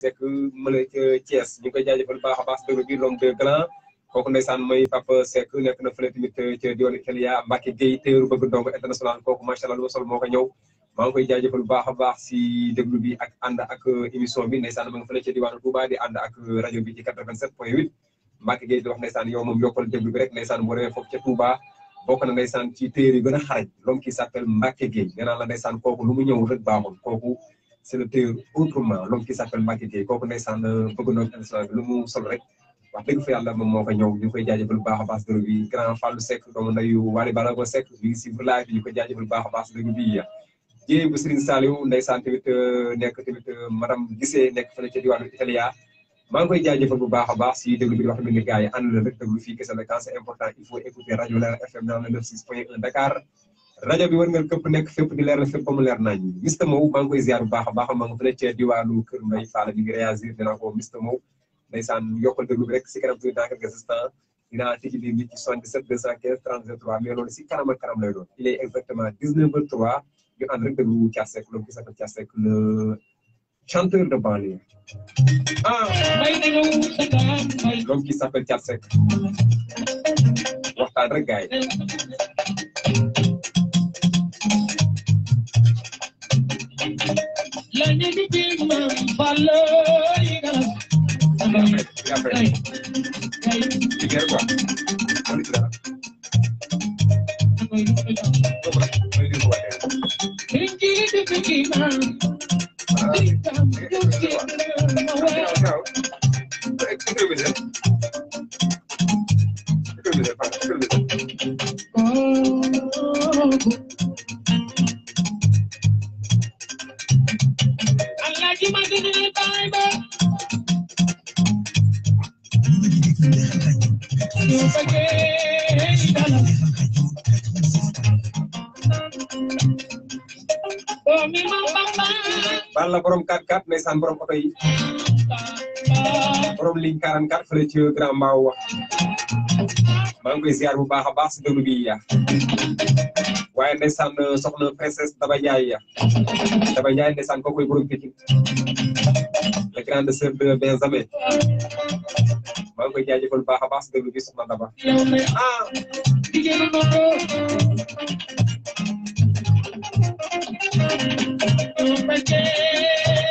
fekk mën a Thiès ñu ngi koy jaajëfal baax a baax dëgg bi l'homme de grand kooku ndeysaan may Papa Seck nekk na fële tamit ca diwaanu Kélia Mbacke Gueye téeru bëgg donc international kooku macha allah lu sol moo ko ñëw ngi koy jaajëfal baax baax si déglu bi ak ànd ak émission bi ndeysaan ma nga fële ca diwaanu Touba di ànd ak rajo bi ci 87 point 8 Mbacke Gueye di wax ndeysaan yow moom yokkal déglu bi rek ndeysaan boo demee foofu ca Touba bokk na ndeysaan ci téer yu gën a xarañ l'homme s'appelle Mbacke Gueye nee la ndeysaan kooku lu mu ñëw rek baaxul kooku c'était autrement l'homme qui s'appelle Macky Gueye kooku ndeysaan bëgg na international bi lu mu sol rek wax dëgg fa yàlla moom moo ko ñëw ñu ngi koy jaajëfal bu baax a baax dërëb bi grand Fallou Seck doomu ndeyu Wally Balago Seck mi ngi si village bi ñu koy jaajëfal bu baax a baax dërëb bi jéey bu Serigne Saliou ndeysaan tamit nekk tamit madame Gisee nekk fële ca diwaanu Italia maa ngi koy jaajëfal bu baax a baax si déglu bi wax dëgg gars yi ànd la rek déglu fii kese la c'est important il faut écouter FM dans le Dakar rajo bi war nga këpp nekk fépp di leer la fépp mu leer nañ Mr Mbow maa ngi koy ziar bu baax a baax maa ngi fële ca diwaanu Kër Mbaye Fall mi ngi réagir dinaa ko Mr Mbow ndeysaan yokkal déglu bi rek si kanam tuuti dans quelques instants dinaa tijji ligne bi ci 77 215 32 3 mais loolu si kanam ak lay doon il est exactement 19 heures 3 ñu rek déglu Thiat Seck loolu gis naa Thiat Seck chanteur de banlieue ah loolu kii s'appelle Thiat Seck waxtaan Thank you. ndeysaan borom oto lingkaran borom ligne 44 fële ci Grand Mbao wax maa ngi koy ziar bu ne a baax si déglu bi ya waaye ndeysaan soxna princesse Daba Ndiaye de ah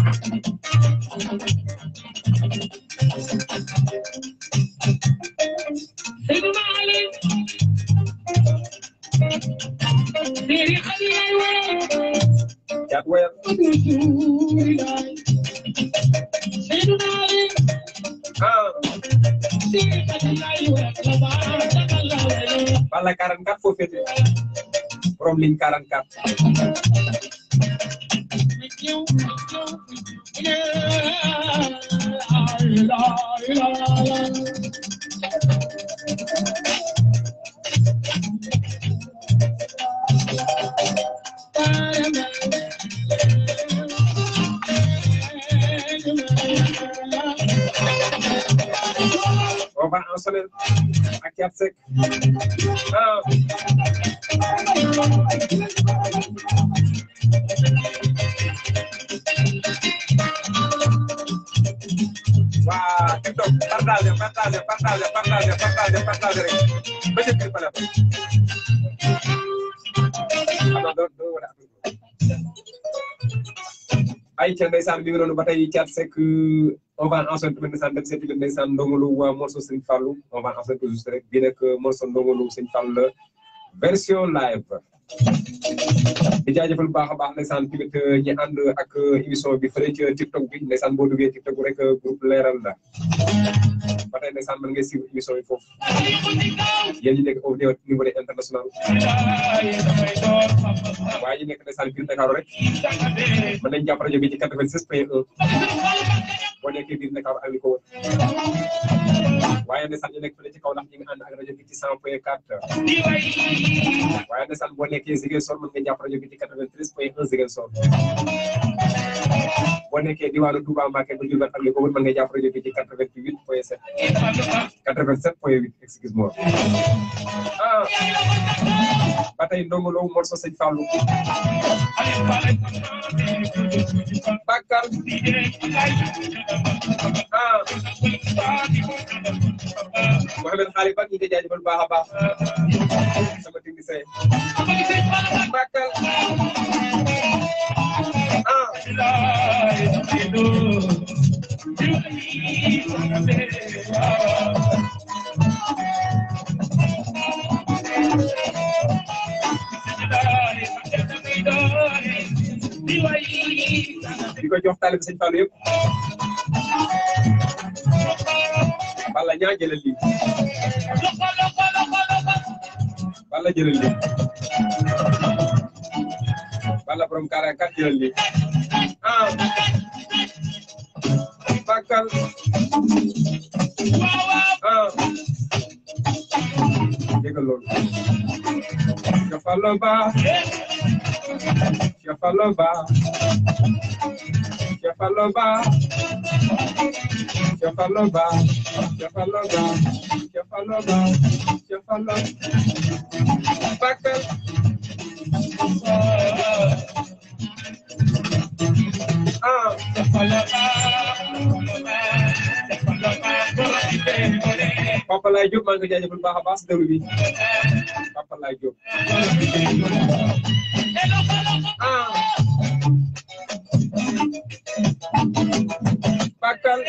la 44 foo féete borom ligne 44 van answering. I kept sick. Uh, Wah, TikTok, Ayo, on va enchaîner ndeysaan dem seeti ndeysaan ndongolu waa morceau Serigne Fallou on va enchaîner tout juste rek bii morceau ndongolu Serigne Fallou version live di jaajëfal bu baax a baax ndeysaan tamit euh, ñi ànd ak euh, émission bi fële ci TikTok bi ndeysaan boo duggee TikTok rek euh, groupe leeral la ba tey ndeysaan mën ngay suivre émission bi foofu yéen ñi nekk au niveau international waaye ñi nekk ndeysaan biir Dakar rek mën nañ jàpp rajo bi ci 96 boo nekkee biir Dakar awi ko woon waaye ndeysaan ñu nekk fële ci kaw ndax ñu ngi ànd ak rajo bi ci cent point quatre waaye ndeysaan boo nekkee Ziguinchor mën nga jàpp rajo bi ci quatre-vingt-treize point un Ziguinchor boo nekkee diwaanu Touba Mbacké ba Diourbel ak li ko wër bi ci quatre-vingt-huit point sept quatre-vingt-sept point huit excuse-moi ah ba tey Mohamed Khalifa ñu ngi koy jaajëfal bu baax sama di ko jox jaa jëlal lii bala jëlal lii bala borom kaara kat jëlal ah bakal ah ba ba Kefaloba, Kefaloba, Kefaloba. Bakel. Ah, Papa lay Diop maa ngi jaajëfal bu baax baax si bi Papa lay Diop ah Bakel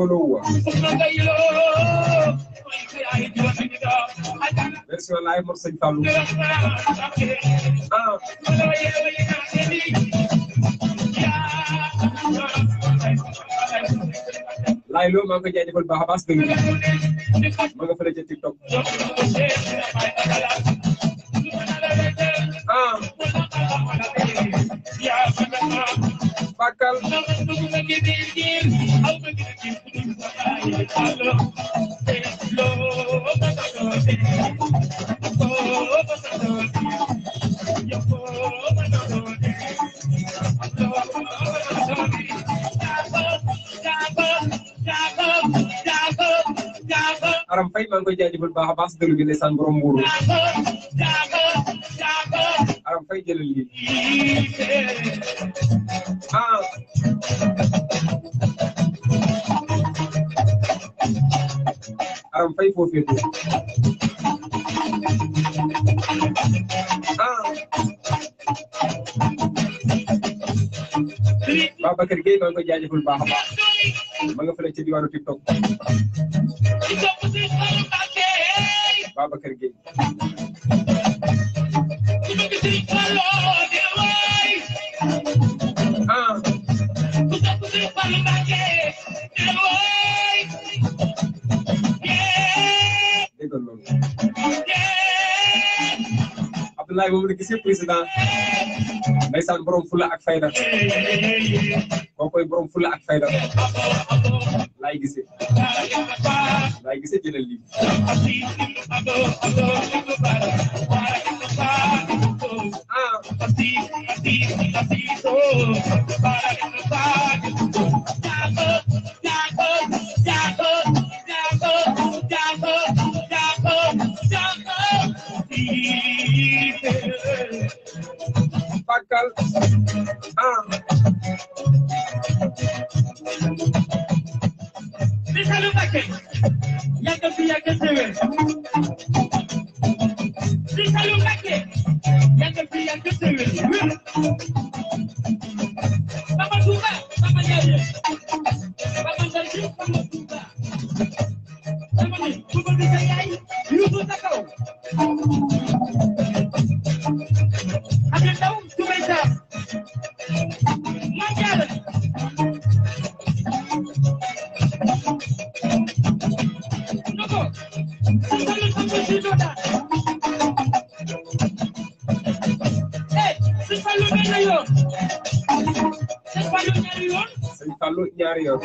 Imolowa. version laay mor sëñ Fallou. ah. laay loo maa ngi koy jaajëfal baax a baax dëgg ma nga fële ca TikTok. ah. Bakal. aram fay maa ngi koy jaajëfal baax a baax si bi ndeysaan borom mbuuru aram fay jëlal lii ah I'm faithful with you. Babacar Gueye maa ngi koy jaajëfal bu baax a baax ma nga TikTok Babacar kerja. ah Abdoulaye moom la gisee président ndeysaan borom fula ak fayda kookoy borom fula ak fayda laay gisee laay gisee jëlal lii ah Salut, Yario.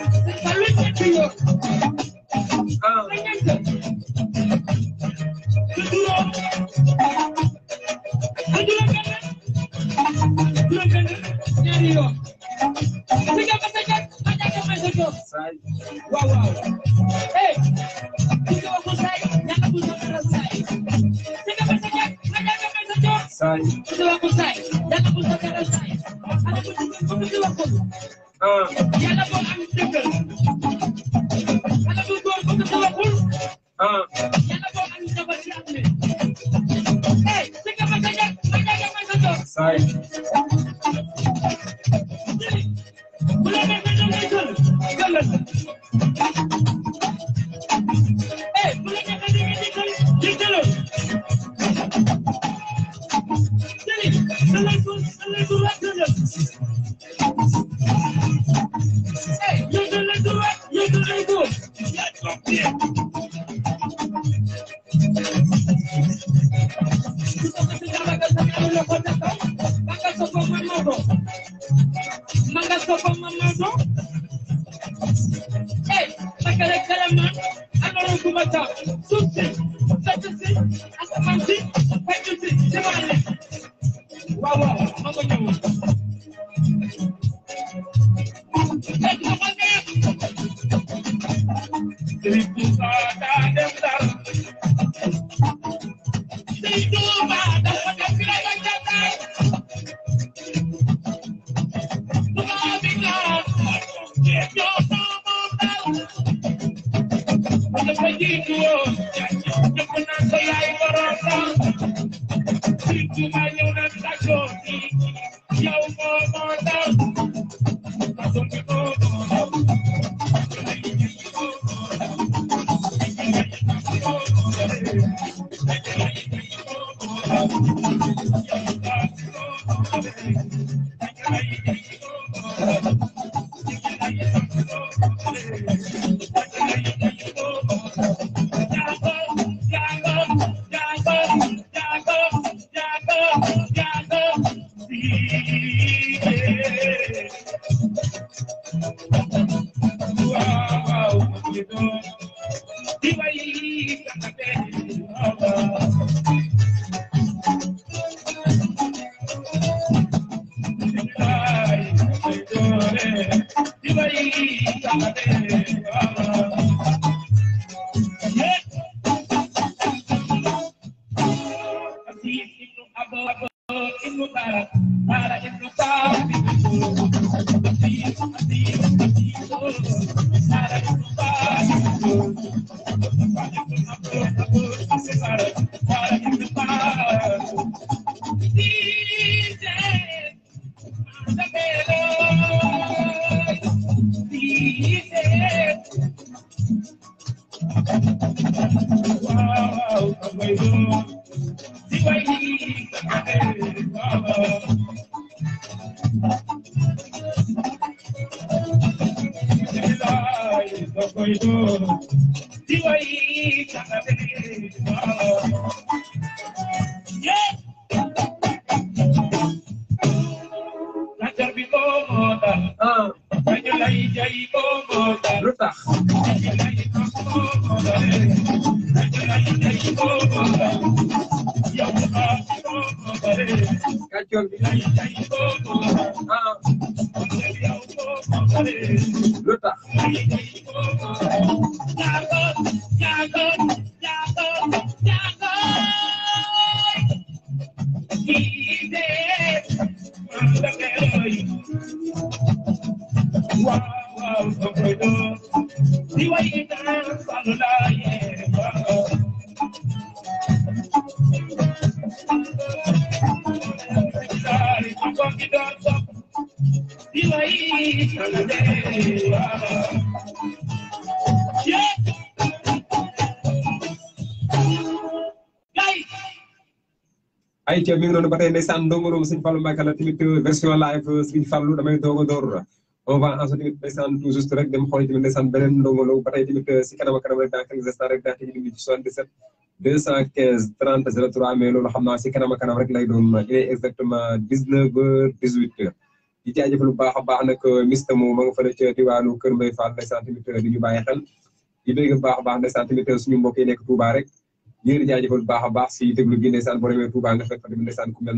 Sai. Sai. Thank you. to my own attraction. Young woman, Thank you. Senhor yi waaw waaw ca mi ngi noonu ba tey ndeysaan ndongoroom sëñ Fallou Mbacké la tamit version live sëñ Fallou damay doog a dooru la on va ensuite tamit ndeysaan tout juste rek dem xooli tamit ndeysaan beneen rek lay doon exactement 19 heures 18 heures di jaajëfal bu baax a baax nag euh, mista mo ma nga fële ca diwaanu Kër Mbaye Fall ndeysaan tamit euh, di ñu euh, suñu mbokk yi nekk rek ñu ngi di jaajëfal bu baax a baax si déglu gi ndeysaan boo demee Touba nga fekk fa dem ndeysaan ku ca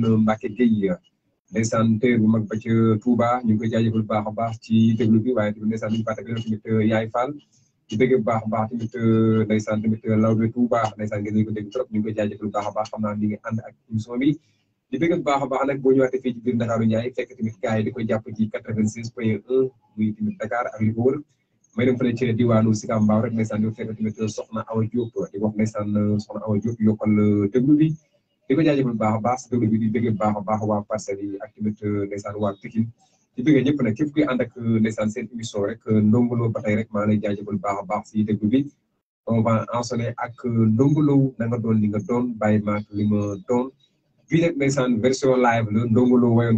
Touba ñu ngi koy jaajëfal bu baax a baax ci déglu bi waaye tamit ndeysaan ñu fàtte beneen tamit Yaay Fall ci dégg bu baax a baax tamit ndeysaan tamit trop ñu ngi koy jaajëfal bu baax a baax xam naa ñu ngi ànd ak émission bi di dégg bu baax a baax nag Dakar ak may dem fële ci diwaanu Sika Mbaaw rek ndeysaan di fekk tamit soxna Awa Diop di wax ndeysaan soxna Awa Diop yokkal euh, déglu bi baax a baax si déglu bi di bëgg baax a baax waa parcelles yi ak tamit euh, ndeysaan waa Pikine di bëgg ñëpp nag képp kuy ànd ak euh, ndeysaan seen émission rek Ndongo Lo ba tey rek maa ngi lay jaajëfal baax a baax si déglu bi on va enchaîner ak Ndongo Lo na nga doon li nga doon bàyyi maak li ma doon bii nag ndeysaan version live la Ndongo Lo wayoon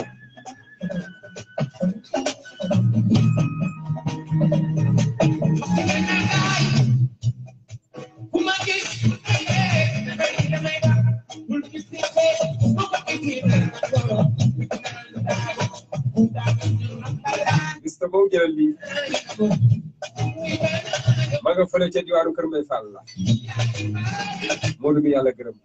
Mbaye Fall la Modou bi yàlla gërëm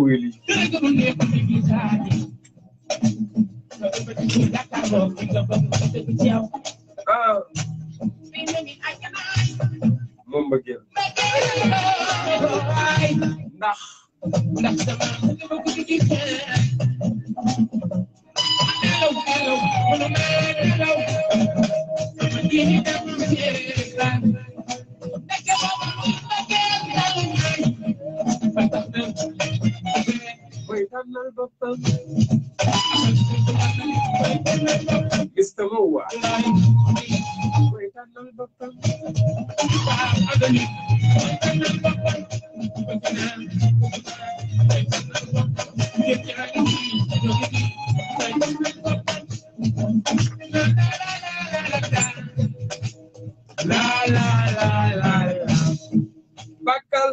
wili. Ah. استووا La la la la la Bacal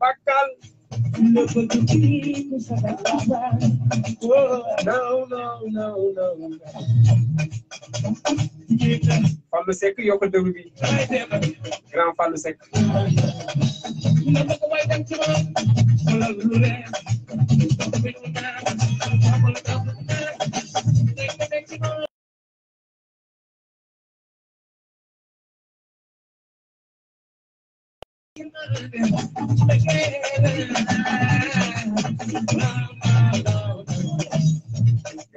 Bakal. Oh, no, no, no, no. Fallou Seck yokkal déglu bi grand Fallou Seck.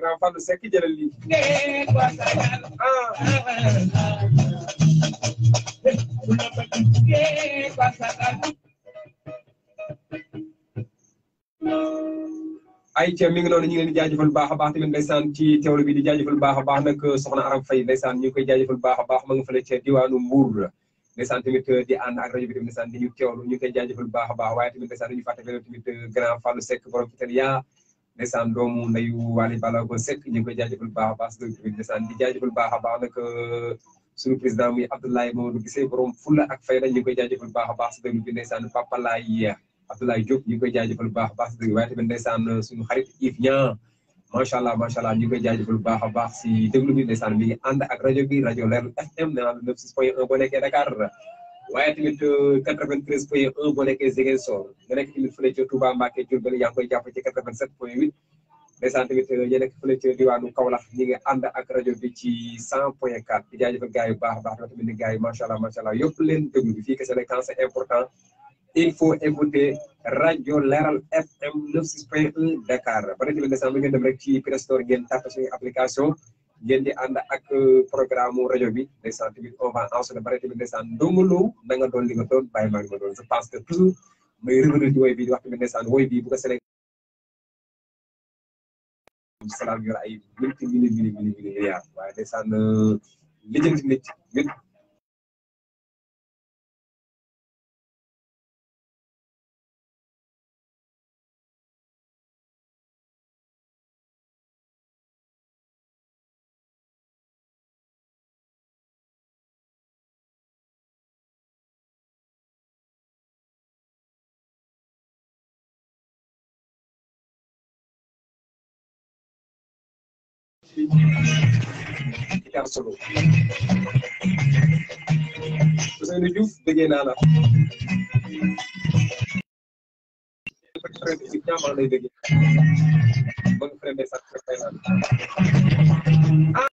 naa Fallou Seck jëlal lii. ayca ah. mi ngi noonu ñu ngi leen di baax te baax tamit ci teewlu bi di jaajëfal baax baax nak soxna Aram fay ndaysan ñu koy jaajëfal baax baax ma nga fële ca diwaanu Mbour. ndeysaan tamit di and ak rajo bi tamit di ñu teewlu ñu koy jaajëfal baax baax waye tamit ndaysan ñu gëna tamit grand fallu Seck borom ya ndeysaan doomu ndeyu Wally Ballago Seck ñu ngi koy jaajëfal bu baax a baax si dëgg bi ndeysaan di jaajëfal bu baax a baax nag euh, suñu président muy Abdoulaye Mamadou Gisee borom fulla ak fayda ñu ngi koy jaajëfal bu baax a baax si dëgg bi ndeysaan Papa Laye Abdoulaye Diop ñu ngi koy jaajëfal bu baax a baax si dëgg waaye tamit ndeysaan euh, suñu xarit Yves Niang macha allah macha allah ñu bu baax a baax si déglu bi ndeysaan mi ngi ànd ak rajo bi rajo Leer FM nee naa le 96 point 1 Dakar waaye tamit 93 euh, point 1 boo nekkee Ziguinchor nga nekk tamit fële ca Touba Mbacké Diourbel yaa ngi koy jàpp ci 87 point 8 ndeysaan tamit ñu euh, nekk fële ca diwaanu Kaolack ñi ngi ànd ak rajo bi ci cent point 4 di jaajëfal gars yu baax a baax dafa tamit yi macha allah macha allah yëpp leen déglu bi fii kese ne quand c'est important il faut écouter rajo Leral FM 96 point 1 Dakar ba tey tamit ndeysaan lu ngeen dem rek ci Play Store ngeen tàpp suñu application. ngeen di ànd ak euh, programme rajo bi ndeysaan tamit on va enchaîner bare tamit ndeysaan ndongolo na nga doon li nga doon bàyyi maa ngi ma doon que toujours may revenir ci woy bi di wax tamit ndeysaan woy bi bu ko Sénégal salaam yor ay multi mille mille mille milliards waaye euh, Dakar Solo Ousseynou Diouf bëggee naa la frère bi ñaama lay bëggee bon frère bi sax fay naa